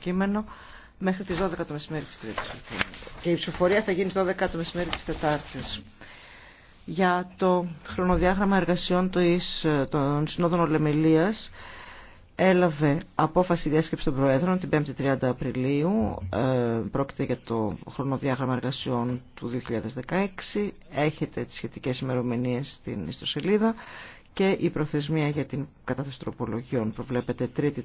κείμενο μέχρι τις 12 το μεσημέρι της Τρίτης. Λοιπόν. Και η ψηφοφορία θα γίνει στις 12 το μεσημέρι της Τετάρτης. Για το χρονοδιάγραμμα εργασιών των Συνόδων Ολεμελίας έλαβε απόφαση διάσκεψη των Προέδρων την 5η 30 Απριλίου. Ε, πρόκειται για το χρονοδιάγραμμα εργασιών του 2016. Έχετε τις σχετικές ημερομηνίε στην ιστοσελίδα και η προθεσμία για την κατάθεση τροπολογιών